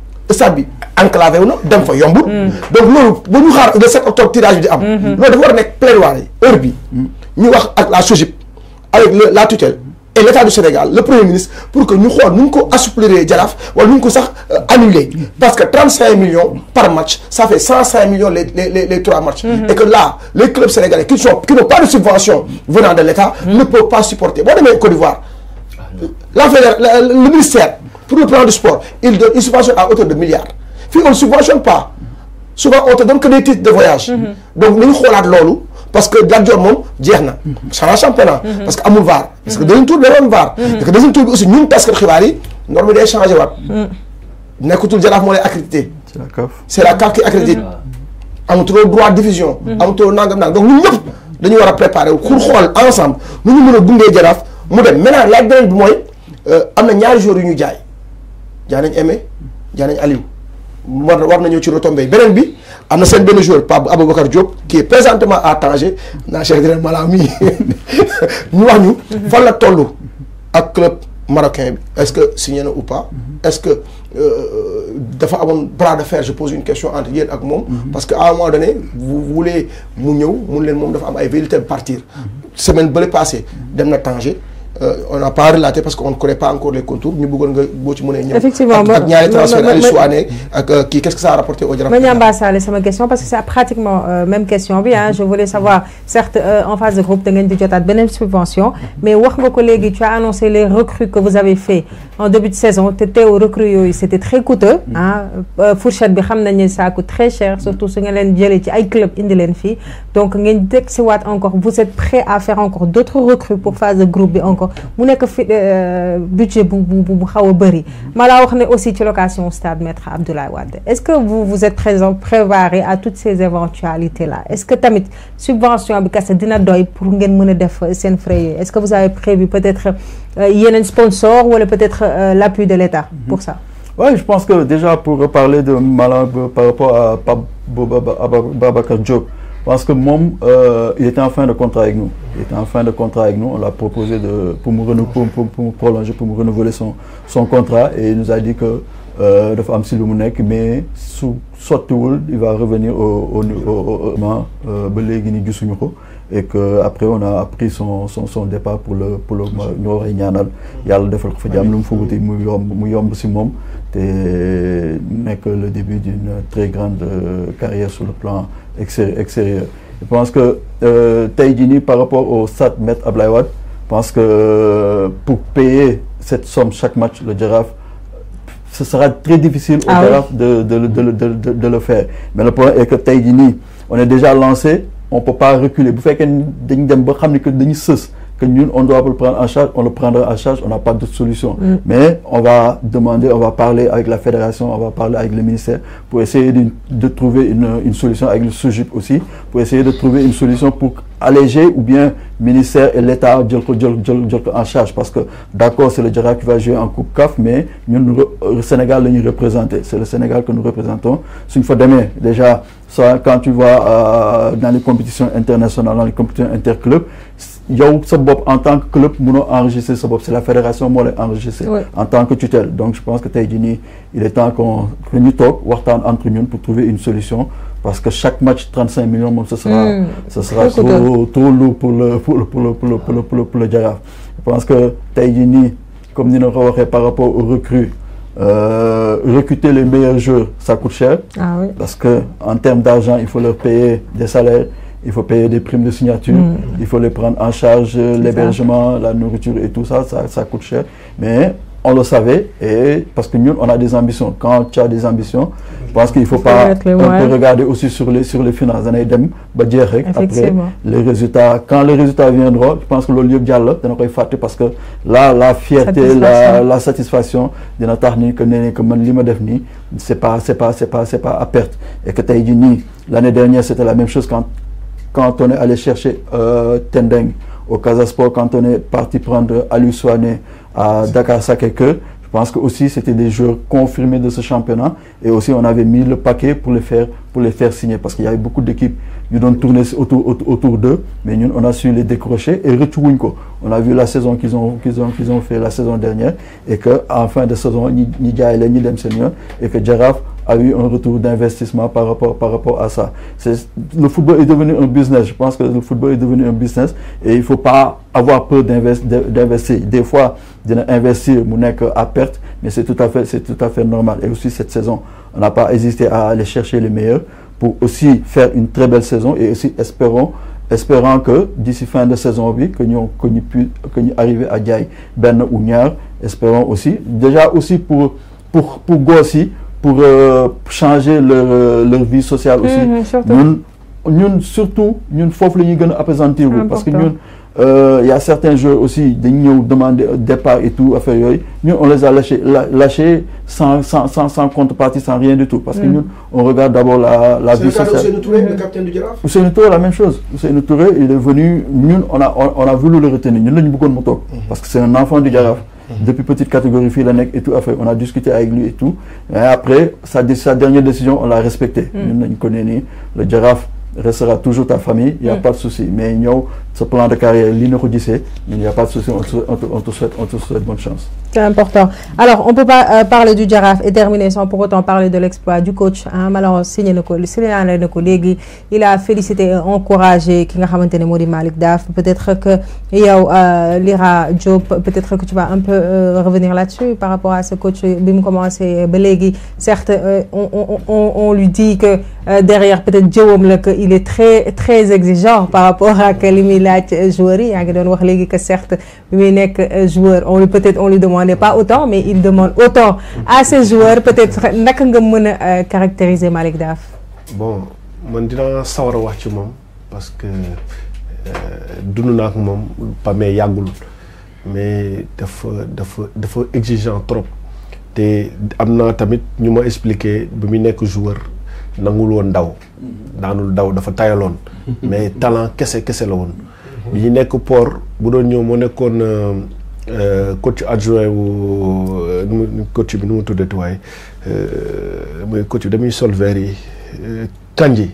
stade bi enclavé wu dem fa yombut. Mm. donc nous ba ñu xaar le 7 octobre tirage bi di am. Mm-hmm. loolu dafa war nek nekk plaidoyer heure bi mm-hmm. ñu wax ak la SOGIP avec la tutelle et l'état du Sénégal le premier ministre pour que ñu puissions nu ko assouplir jaraf wala nu ñu ko sax euh, annuler mm-hmm. parce que 35 millions par match ça fait 105 millions les les les trois matchs. et que là les clubs sénégalais qui sont qui n'ont pas de subvention venant de l'état ne peuvent pas supporter boo mais Côte d'Ivoire. la ah, fédération le ministère. Pour le plan du sport, il se à hauteur de milliards. Puis on ne subventionne pas. Souvent, on te donne que des titres de voyage. Mm-hmm. Donc, nous, on de Parce que nous mm-hmm. avons championnat. Mm-hmm. Parce que Parce que deuxième tour, Parce que deuxième tour, aussi, nous, parce que C'est la CAF qui droit nous, avons on Nous, ensemble. Nous, nous, nous, nous, nous, nous, jaa nañ Aimé jaa nañ Aliou war war nañoo ci retombé beneen bi am na seen benn joueur beaucoup de Diop qui est présentement à Tanger naa Cheikh Dina Malang mi ñu wax la ak club marocain bi est-ce que signé ou pas. est-ce que euh, dafa amoon bras de fer je pose une question entre yéen ak moom. Mhm. parce que à un moment donné vous voulez mu ñëw mun leen moom dafa am ay velléités de partir. semaine bële passée dem na Tanger. Euh, on n'a pas relaté parce qu'on ne connaît pas encore les contours effectivement euh, qu'est-ce que ça a rapporté au C'est ma question parce que c'est pratiquement euh, même question hein. je voulais savoir certes en phase de groupe tu as une bonne subvention mais nga tu as annoncé les recrues que vous avez fait en début de saison c'était très coûteux mm. hein. fourchette bi ça coûte très cher surtout si tu as club indi donc encore vous êtes prêt à faire encore d'autres recrues pour phase de groupe encore mu nek euh, budget bu bu aussi location stade maître Abdoulaye est-ce que vous vous êtes présent préparé à toutes ces éventualités là est-ce que tamit subvention est-ce que vous avez prévu peut-être un euh, sponsor ou peut-être euh, l'appui de l'État mhm. pour ça Oui, je pense que déjà pour parler de Malang, par rapport à Babacar Diop, parce que Mom, euh, il était en fin de contrat avec nous. Il était en fin de contrat avec nous. On l'a proposé de, pour, me renouveler, pour, pour, pour, me prolonger, pour me renouveler son, son contrat. Et il nous a dit que euh, de Amsi Lumounek, mais sous Sotoul, il va revenir au, au, au, euh, et que après on a appris son, son, son départ pour le pour le Nioro Ñaanal Yàlla defal ko fa jàmm lu mu fa mu yomb mu yomb si n'est que le début d'une très grande euh, carrière sur le plan extérieur. Je pense que euh, Taïdini, par rapport au SAT Met je pense que euh, pour payer cette somme chaque match, le girafe, ce sera très difficile au Giraffe ah girafe de, le faire. Mais le point est que Taïdini, on est déjà lancé, on ne peut pas reculer. Vous faites que nous, on doit le prendre en charge, on le prendra en charge, on n'a pas d'autre solution. Mm. Mais on va demander, on va parler avec la fédération, on va parler avec le ministère pour essayer de, trouver une, solution, avec le sujet aussi, pour essayer de trouver une solution pour alléger ou bien ministère et l'État en charge. Parce que d'accord, c'est le Djara qui va jouer en Coupe CAF, mais nous, euh, le Sénégal, nous représenté C'est le Sénégal que nous représentons. C'est une fois demain, déjà, ça, quand tu vois euh, dans les compétitions internationales, dans les compétitions interclubs, en tant que club enregistré c'est la fédération en tant que tutelle donc je pense que Taïdini, il est temps qu'on que ñu entre pour trouver une solution parce que chaque match 35 millions ce sera hmm. ce sera trop lourd pour le pour je pense que Taïdini, comme nous par rapport aux recrues euh, recruter les meilleurs joueurs, ça coûte cher. Ah parce que en termes d'argent, il faut leur payer des salaires, il faut payer des primes de signature, mm. il faut les prendre en charge, l'hébergement, la nourriture et tout ça, ça, ça, coûte cher. Mais on le savait, et parce que nous, on a des ambitions. Quand tu as des ambitions, je pense qu'il ne faut pas regarder aussi sur les, sur les finances. Après, les résultats, quand les résultats viendront, je pense que le lieu de dialogue, parce que là, la fierté, La, la satisfaction, ce n'est pas, pas, pas, pas à perte. Et que tu as dit, l'année dernière, c'était la même chose quand quand on est allé chercher euh, Tendeng au Casasport, quand on est parti prendre Aluswane à Dakar Sakeke, je pense que aussi c'était des joueurs confirmés de ce championnat et aussi on avait mis le paquet pour les faire, pour les faire signer parce qu'il y avait beaucoup d'équipes qui ont tourné autour, autour, d'eux, mais nous on a su les décrocher et Winko. On a vu la saison qu'ils ont, qu'ils ont, qu'ils ont fait la saison dernière et qu'en fin de saison, ni Dia et ni Dem et que Giraffe a eu un retour d'investissement par rapport, par rapport à ça. Le football est devenu un business. Je pense que le football est devenu un business et il ne faut pas avoir peur d'investir. Des fois, d'investir à perte, mais c'est tout, à fait, tout à fait normal. Et aussi, cette saison, on n'a pas hésité à aller chercher les meilleurs pour aussi faire une très belle saison et aussi espérons que d'ici fin de saison oui, que nous puissions que arriver à jaay ben Ougnard espérons aussi déjà aussi pour pour pour pour euh, changer leur, leur, vie sociale aussi. Mmh, surtout. Nous, nous, surtout, nous, faut que nous apaisantir parce que nous, euh, il y a certains joueurs aussi dañu ñëw demander départ et tout affaire yooyu on les a lâchés lâchés sans sans sans sans contrepartie sans rien du tout. parce que mm. on regarde d'abord la la vie sociale. c'est le capitaine du Giraffe C'est Touré la même chose c'est Touré il est venu nous on a on a voulu le retenir Nous nous ñu bëggoon mu mm-hmm. parce que c'est un enfant du Giraffe. Mm-hmm. depuis petite catégorie fille, et tout affaire on a discuté avec lui et tout après sa sa dernière décision on l'a respectée. Mm. Nous ne le girafe restera toujours ta famille. il y a mm. pas de souci mais ce plan de carrière, il n'y a pas de souci, on te, souhaite, on bonne chance. C'est important. Alors, on ne peut pas euh, parler du Giraffe et terminer sans pour autant parler de l'exploit du coach. Hein, collègue il a félicité et encouragé Mori Malik Daf. Peut-être que euh, Lira Job, peut-être que tu vas un peu euh, revenir là-dessus par rapport à ce coach Bim commencé Certes, on, on, on, lui dit que derrière, peut-être Job, il est très, très exigeant par rapport à Kalimil laaj joueurs yi yaa ngi doon wax léegi que certes bi muy nekk joueur on lui peut être on lui demandait pas autant mais il demande autant à ses joueurs peut être naka nga mën a euh, caractériser Malick Daf. bon man dinaa sawar a wax ci moom parce que euh, dund naa ak moom mais yàggul mais dafa dafa dafa exigeant trop te am naa tamit ñu ma expliqué bi muy nekk joueur. nangul woon daw daanul daw dafa tayaloon mais talent kese kese la woon bi ñu nekk port bu doon ñëw moo nekkoon euh, euh, coach adjoint wu euh, coach bi nu mu coach bi damuy yi kanji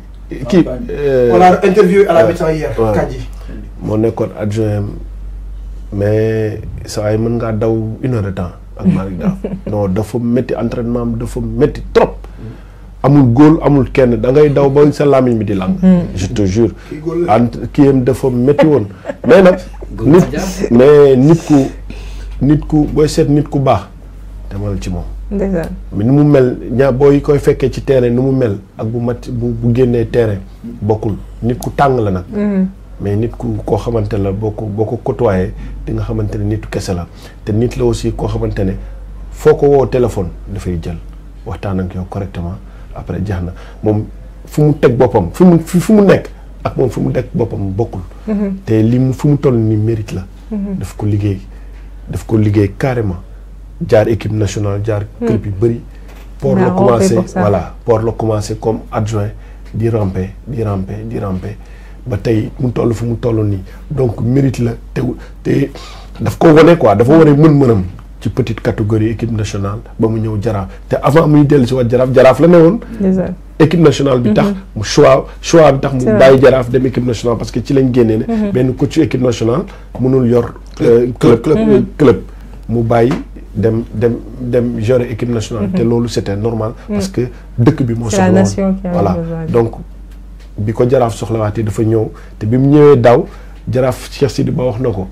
kii ah, on a interviewé à la mi-temps hier kanji moo nekkoon adjoint mais saa yi mën ngaa daw une heure de temps ak non dafa entraînement dafa trop mm-hmm. amul góor amul kenn da ngay daw ba sa làmmiñ bi di lang hmm. je te jure ant kiyam dafa métti woon mais nag nit mais nit ku nit ku booy seet nit ku baax demal ci moom ni mu mel ñaa booy koy fekkee ci terrain ni mu mel ak bu mat bu génnee terrain bokkul nit ku tàng la nag hmm. mais nit ku koo xamante la boo ko boo ko côtoyé di nga xamante ne nitu kese la te nit la aussi koo xamante ne foo ko woo téléphone dafay jël waxtaan ak yow correctement après jeex na moom fu mu teg boppam fu mu fu mu nekk ak moom fu mu teg boppam mu bokkul. Mm-hmm. te li mu fu mu toll nii mérite la. Mm-hmm. daf ko liggéey daf ko liggéey carrément jaar équipe nationale jaar. Mm. club yu bëri. port la commencé voilà port la commencé comme adjoint di ramper di ramper di ramper ba tey mu toll fu mu toll nii donc mérite la te te daf ko wane quoi dafa wane mën-mënam. ci petite catégorie équipe nationale ba mu ñëw jaraaf te avant muy dellu si waat jaraaf jaraaf la ne woon équipe nationale bi tax mhm. mu choix choix bi tax mu bàyyi jaraaf dem équipe nationale parce que ci lañ génnee mhm. benn coach équipe nationale mënul yor club euh, euh, mhm. club mu bàyyi dem dem dem gérer équipe nationale te loolu c'était normal parce que dëkk bi moo soxla woon voilà donc bi ko jaraaf soxlawaatee dafa ñëw te bi mu ñëwee daaw jaraaf Cheikh Sidi Ba wax na ko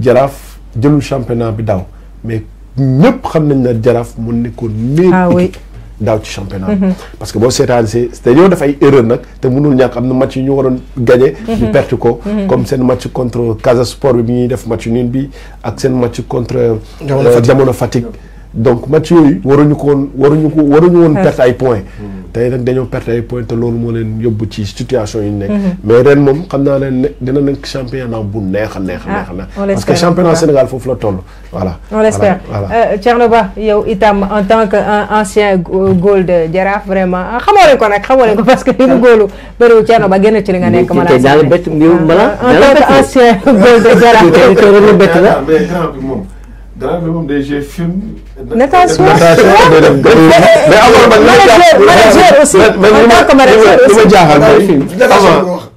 jaraaf jëlul championnat bi daaw mais ñëpp xam nañ ne jaraaf mun nekkoon meilleure ah équipe daaw ci championnat mhm. parce que boo seetaan see dañoo def ay erreur nag te mënul ñàkk am na match yu ñu waroon gaje mhm. ñu perte ko mhm. comme seen match contre Casa Sport bi bi ñuy def match niin bi ak seen match contre euh, Jamono Fatick donc match yooyu waruñu ko woon waruñu ko waruñu woon perte ay points tey nag dañoo perte ay point te loolu moo leen yóbbu ci situation yi nekk. Mhm. mais ren moom xam naa leen ne dina nekk championnat bu neex a neex a ah, neex. parce que championnat Sénégal foofu la toll voilà. on l'espère euh, Thierno Ba yow itam en tant que euh, ancien góol euh, de Jaraaf vraiment ah, xamoo leen ko nag xamoo leen ko parce que li mu góolu bëriwul Thierno Ba génn ci li nga nekk. mala daal bett yow mala. Ah, en tant que ancien góol de Jaraaf. la grand bi moom day jouer film. natation natation mais manager aussi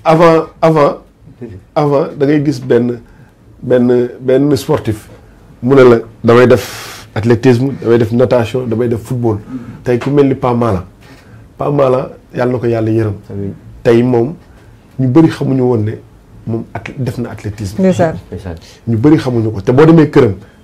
avant avant da ngay gis benn benn benn sportif mu ne la damay def athlétisme damay def natation damay def football tey ku mel ni Pa Mala Pa Mala yàlla na ko yàlla yërëm. tey moom ñu bëri xamuñu woon ne moom at def na athlétisme. ñu bari xamuñu ko te boo demee këram.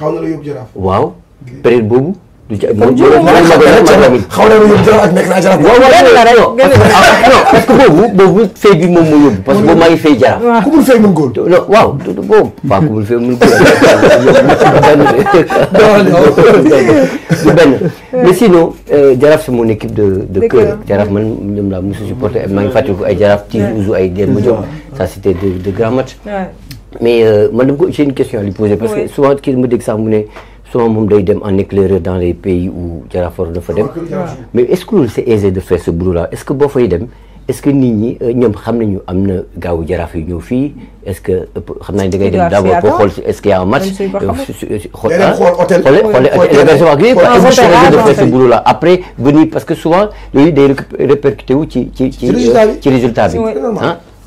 xaw na la yóbbu jaraaf. waaw période boobu. du ca moom moom xaw na la yóbbu jaraaf ak nekk naa jaraaf. waaw waaw la non parce que boobu boobu fay bi moom moo yóbbu. parce que boobu maa ngi fay jaraaf. waaw ku bul fay mën góol. non waaw boobu. waaw ku bul fay mën góol. du benn mais sinon euh, jaraaf c'est mon équipe de de cœur. jaraaf man ñoom laa mosu supporter maa ngi fàttaliku ay jaraaf. waaw tiir usu ay der ma jox ça c'était de de grand match. mais euh, j'ai une question à lui poser parce que souvent en éclairé dans les pays où mais est-ce que c'est aisé de faire ce boulot là est-ce que fay est-ce que nous euh, est-ce que euh, est-ce qu'il y a un match hein? hôtel boulot là après venir parce que souvent il y répercuté des ci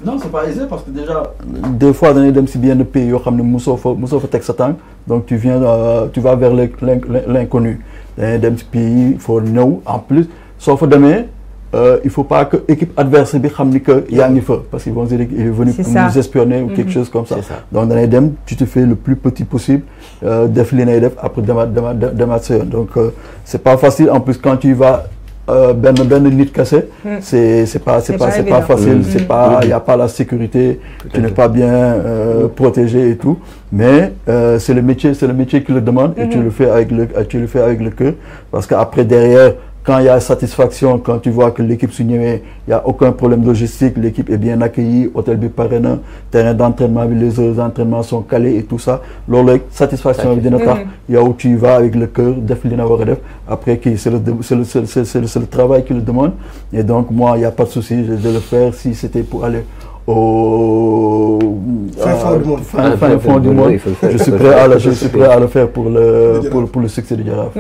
non c'est pas aisé parce que déjà. des fois les dem si de pays yoo xam ne mosoo donc tu viens euh, tu vas vers l'inconnu Dans dem pays il faut know. en plus sauf demain euh, il faut pas que équipe adverse bi xam que yaa ngi parce qu'ils vont dire qu'il est venu nous espionner ou quelque mm-hmm. chose comme ça donc les dem tu te fais le plus petit possible euh, def li après demain demain demain c'est donc euh, c'est pas facile en plus quand tu vas ben ben nit cassé, hmm. c'est c'est pas c'est pas c'est pas facile. Hmm. c'est pas hmm. y a pas la sécurité. tu n'es pas bien euh, protégé et tout mais euh, c'est le métier c'est le métier qui le demande. et tu le fais avec le tu le fais avec le cœur parce qu'après, derrière quand il y a satisfaction, quand tu vois que l'équipe s'unit, il n'y a aucun problème logistique, l'équipe est bien accueillie, hôtel Biparena, terrain d'entraînement les heures d'entraînement sont calés et tout ça Lorsque satisfaction il y a où tu vas avec le cœur après c'est le travail qui le demande et donc moi il n'y a pas de souci je vais le faire si c'était pour aller au oh. fin fond ah, du monde. Je suis prêt à le, faire pour le, pour, pour le succès du Jaraf.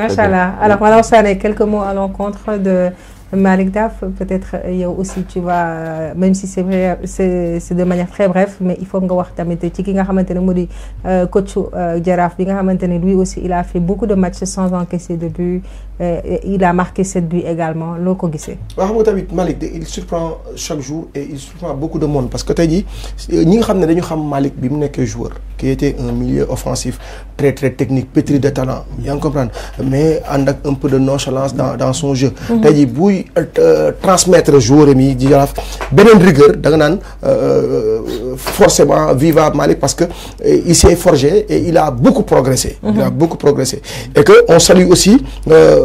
Alors, voilà, ça a quelques mots à l'encontre de Malik Daf. Peut-être, il euh, aussi, tu vas, euh, même si c'est vrai, c'est de manière très bref, mais il faut que tu tamit ci ki nga euh, lui aussi il a fait beaucoup de matchs sans encaisser de but euh, il a marqué cette nuit également le il surprend chaque jour et il surprend beaucoup de monde parce que tu as dit nga xam joueur. qui était un milieu offensif très très technique pétri de talent comprendre mais il un peu de nonchalance dans son jeu. tu as dit transmettre joueur et yi rigueur euh, euh, forcément viva Malik parce que il s'est forgé et il a beaucoup progressé. il a mhm. beaucoup progressé et que on salue aussi.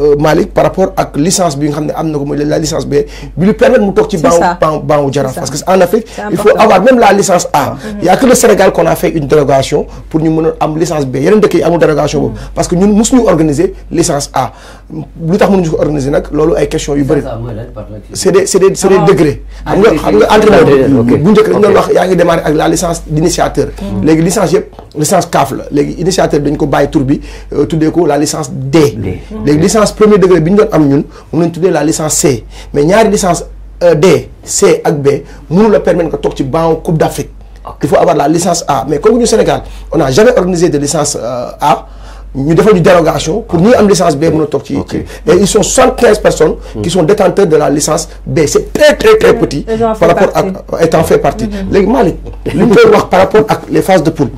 Euh, Malik par rapport ak licence bi nga ko la licence B bi lui permettre mu tok ci banc parce que en Afrique il faut avoir même la licence A mm-hmm. il y a que le Sénégal qu'on a fait une dérogation pour ñu mën am licence B yeneen dëkk yi amul dérogation mm-hmm. parce que ñun mosuñu organiser licence A lu tax mënuñu ko organiser nak lolu ay question yu bari c'est des c'est des c'est des ah. degrés xam nga ah, xam nga entraîneur ah, bu ñëk ñu wax yaa ngi démarrer ak la licence d'initiateur mm-hmm. légui licence yëpp licence CAF les léegi initiateur dañ ko bàyyi tourbi euh, tout ko la licence D les licence premier degré bi ñu am ñun moom la licence C mais une licence euh, D C ak B nous le permettre de faire ci Coupe d'Afrique il faut avoir la licence A mais comme au Sénégal on n'a jamais organisé de licence euh, A Nous avons une dérogation pour nous am licence B mën et ils sont 75 personnes qui hmm. sont détenteurs de la licence B C'est très très très petit par rapport à étant fait partie mm-hmm. Les Malick li par rapport à les phases de poule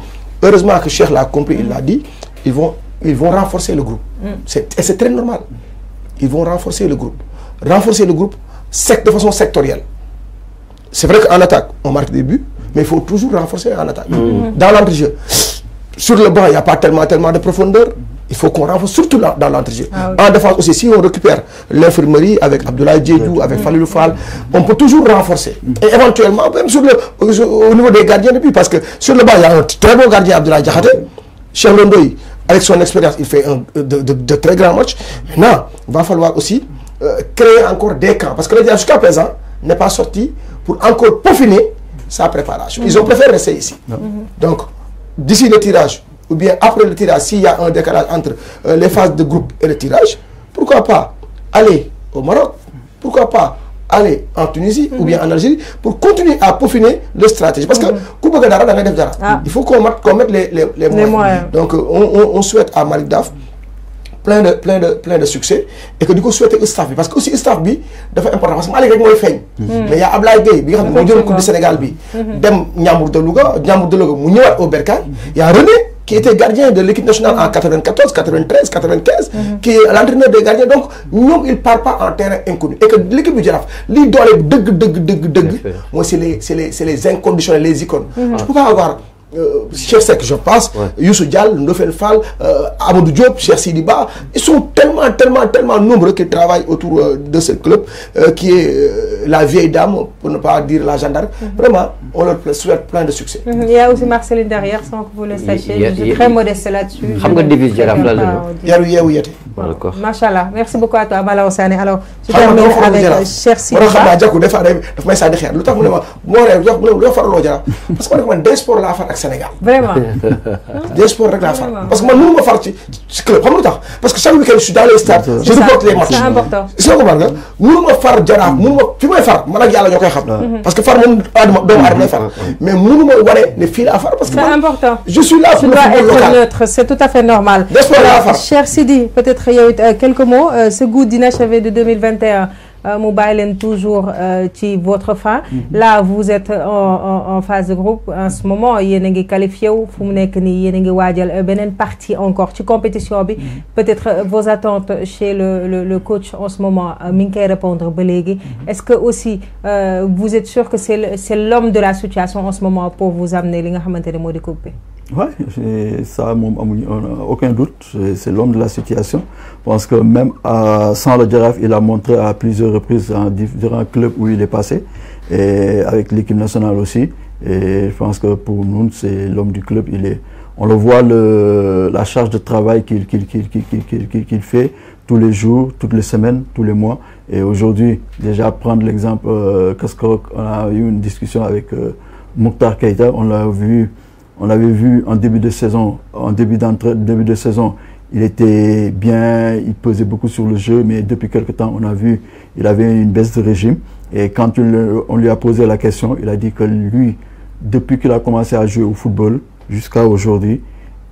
Heureusement que Cheikh l'a compris, il l'a dit, ils vont, ils vont renforcer le groupe. Mm. Et c'est très normal. Ils vont renforcer le groupe. Renforcer le groupe de façon sectorielle. C'est vrai qu'en attaque, on marque des buts, mais il faut toujours renforcer en attaque. Mm. Dans l'entrejeu, sur le banc, il n'y a pas tellement, tellement de profondeur il faut qu'on renforce surtout là dans l'entrée ah En défense aussi, si on récupère l'infirmerie avec Abdoulaye Djedou, avec Fallou Fall, on peut toujours renforcer. Et éventuellement, même sur le, au niveau des gardiens depuis, parce que sur le bas il y a un très bon gardien, Abdoulaye Djahade. Cheikh avec son expérience, il fait de, très grands matchs. Maintenant, il va falloir aussi euh, créer encore des camps, parce que le jusqu'à présent n'est pas sorti pour encore peaufiner sa préparation. Ils ont préféré rester ici. Donc, d'ici le tirage, ou bien après le tirage, s'il y a un décalage entre euh, les phases de groupe et le tirage, pourquoi pas aller au Maroc Pourquoi pas aller en Tunisie ou bien en mhm. Algérie pour continuer à peaufiner le stratégie. Parce que mm -hmm. ah. il faut qu'on mette, mette, les, les, moyens. Donc euh, on, on, souhaite à Malik Daf plein de, plein, de, plein de succès et que du coup souhaiter Ustaf parce que aussi Ustaf bi important parce que Malik Daf mooy feeñ mhm. mais y a Ablaye Gueye bi nga xam ne coupe Sénégal bi mhm. dem Niamour de Louga Niamour de Louga mu au y a René qui était gardien de l'équipe nationale en 94, 93, 95, qui est l'entraîneur des gardiens. Donc, nous, il ne part pas en terrain inconnu. Et que l'équipe du Giraffe, lui, doit aller deug, deug, deug, deug. Moi, c'est les, les, les inconditionnels, les icônes. Mhm. Tu peux pas avoir Chef que je pense Youssou Dial, Nofel Fall Amadou Diop Cheikh Sidiba, ils sont tellement tellement tellement nombreux qui travaillent autour de ce club qui est la vieille dame pour ne pas dire la gendarme vraiment on leur souhaite plein de succès il y a aussi Marceline derrière sans que vous le sachiez je suis très modeste là-dessus xam nga divise la machallah merci beaucoup à toi Malaw Sané alors je termine avec Cheikh Sidi Ba may ne parce que Sénégal. vraiment. des sports rek la far parce que man mënu ma far ci ci club xam nga tax parce que chaque week-end je suis dans les stades. je reporte les matchs c'est important. si nga ko ma far jaraaf mënu ma fi may far man ak Yalla ñokay xam. Mhm. parce que far moom aadama do aadama lay far. mais munu ma waré ne fi la far. parce que c'est important je suis là pour le local. tu dois être neutre c'est tout à fait normal. des sports la far cher Sidi peut-être a eu quelques mots euh, ce goût d'inachevé de 2021. Euh, Mobile bàyyi toujours euh, ci votre fin mhm. là vous êtes en en phase de groupe en ce moment vous a qualifié Vous êtes euh, partie encore Tu compétition mhm. peut-être vos attentes chez le le le coach en ce moment mi répondre mhm. est-ce que aussi vous êtes sûr que c'est c'est l'homme de la situation en ce moment pour vous amener à nga oui, ça, mon, euh, aucun doute, c'est l'homme de la situation. Je pense que même à, sans le girafe, il a montré à plusieurs reprises dans différents clubs où il est passé, et avec l'équipe nationale aussi. Et je pense que pour nous, c'est l'homme du club. Il est, on le voit, le, la charge de travail qu'il qu qu'il fait tous les jours, toutes les semaines, tous les mois. Et aujourd'hui, déjà prendre l'exemple, euh, on a eu une discussion avec euh, Mokhtar on l'a vu on l'avait vu en début de saison, en début d'entrée, début de saison, il était bien, il pesait beaucoup sur le jeu, mais depuis quelque temps, on a vu, il avait une baisse de régime. Et quand on lui a posé la question, il a dit que lui, depuis qu'il a commencé à jouer au football jusqu'à aujourd'hui,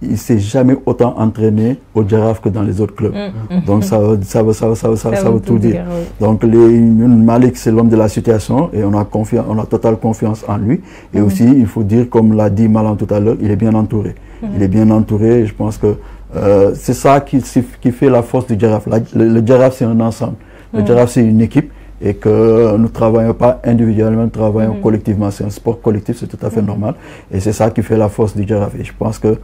il s'est jamais autant entraîné au Giraffe que dans les autres clubs. Mm. Mm. Donc ça, ça, ça, ça, ça, veut tout dire. Donc les, Malik, c'est l'homme de la situation et on a, confiance, on a totale confiance en lui. Et mm. aussi, il faut dire, comme l'a dit Malan tout à l'heure, il est bien entouré. Il est bien entouré je pense que euh, c'est ça qui, qui, fait la force du Giraffe. le, le Giraffe, c'est un ensemble. Le Giraffe, c'est une équipe et que nous ne travaillons pas individuellement, nous travaillons mhm. collectivement. C'est un sport collectif, c'est tout à fait mhm. normal. Et c'est ça qui fait la force du Giraffe. je pense que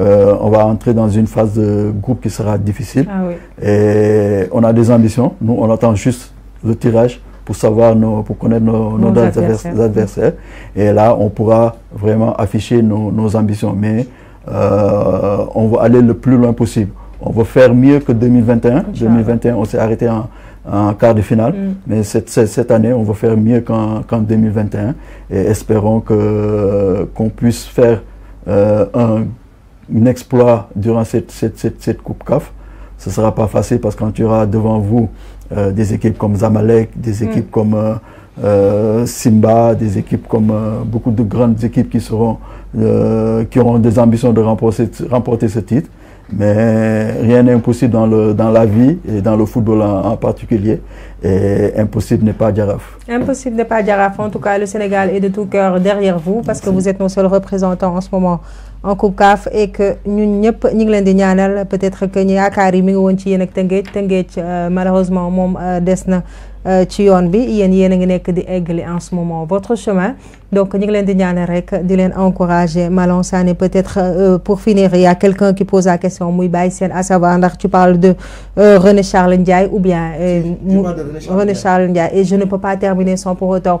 euh, on va entrer dans une phase de groupe qui sera difficile. Ah, oui. Et on a des ambitions. Nous, on attend juste le tirage pour savoir nos, pour connaître nos, adversaires. Et là, on pourra vraiment afficher nos, ambitions. Mais euh, on va aller le plus loin possible. On va faire mieux que 2021. 2021, on s'est arrêté en en quart de finale. Mm. Mais cette, année, on va faire mieux qu'en 2021 et espérons qu'on puisse faire euh, un, exploit durant cette, Coupe CAF. Ce ne sera pas facile parce qu'on aura devant vous euh, des équipes comme Zamalek, des mm. équipes comme euh, Simba, des équipes comme beaucoup de grandes équipes qui, seront, qui auront des ambitions de remporter ce titre. Mais rien n'est impossible dans, le, dans la vie et dans le football en, particulier. Et impossible n'est pas Djaraf Impossible n'est pas Djaraf En tout cas, le Sénégal est de tout cœur derrière vous parce que vous êtes nos seuls représentants en ce moment en Coupe CAF et que nous n'avons pas peut-être que nous euh, malheureusement euh, euh, ci yoon bi yéen yéen a ngi nekk di eggali en ce moment votre chemin donc ñu ngi leen di ñaanal rek di leen encourager Malang peut-être euh, pour finir il y a quelqu'un qui pose la question muy Baye Sène à savoir ndax tu parles de euh, René Charles Ndiaye ou bien René Charles Ndiaye et je ne peux pas terminer sans pour autant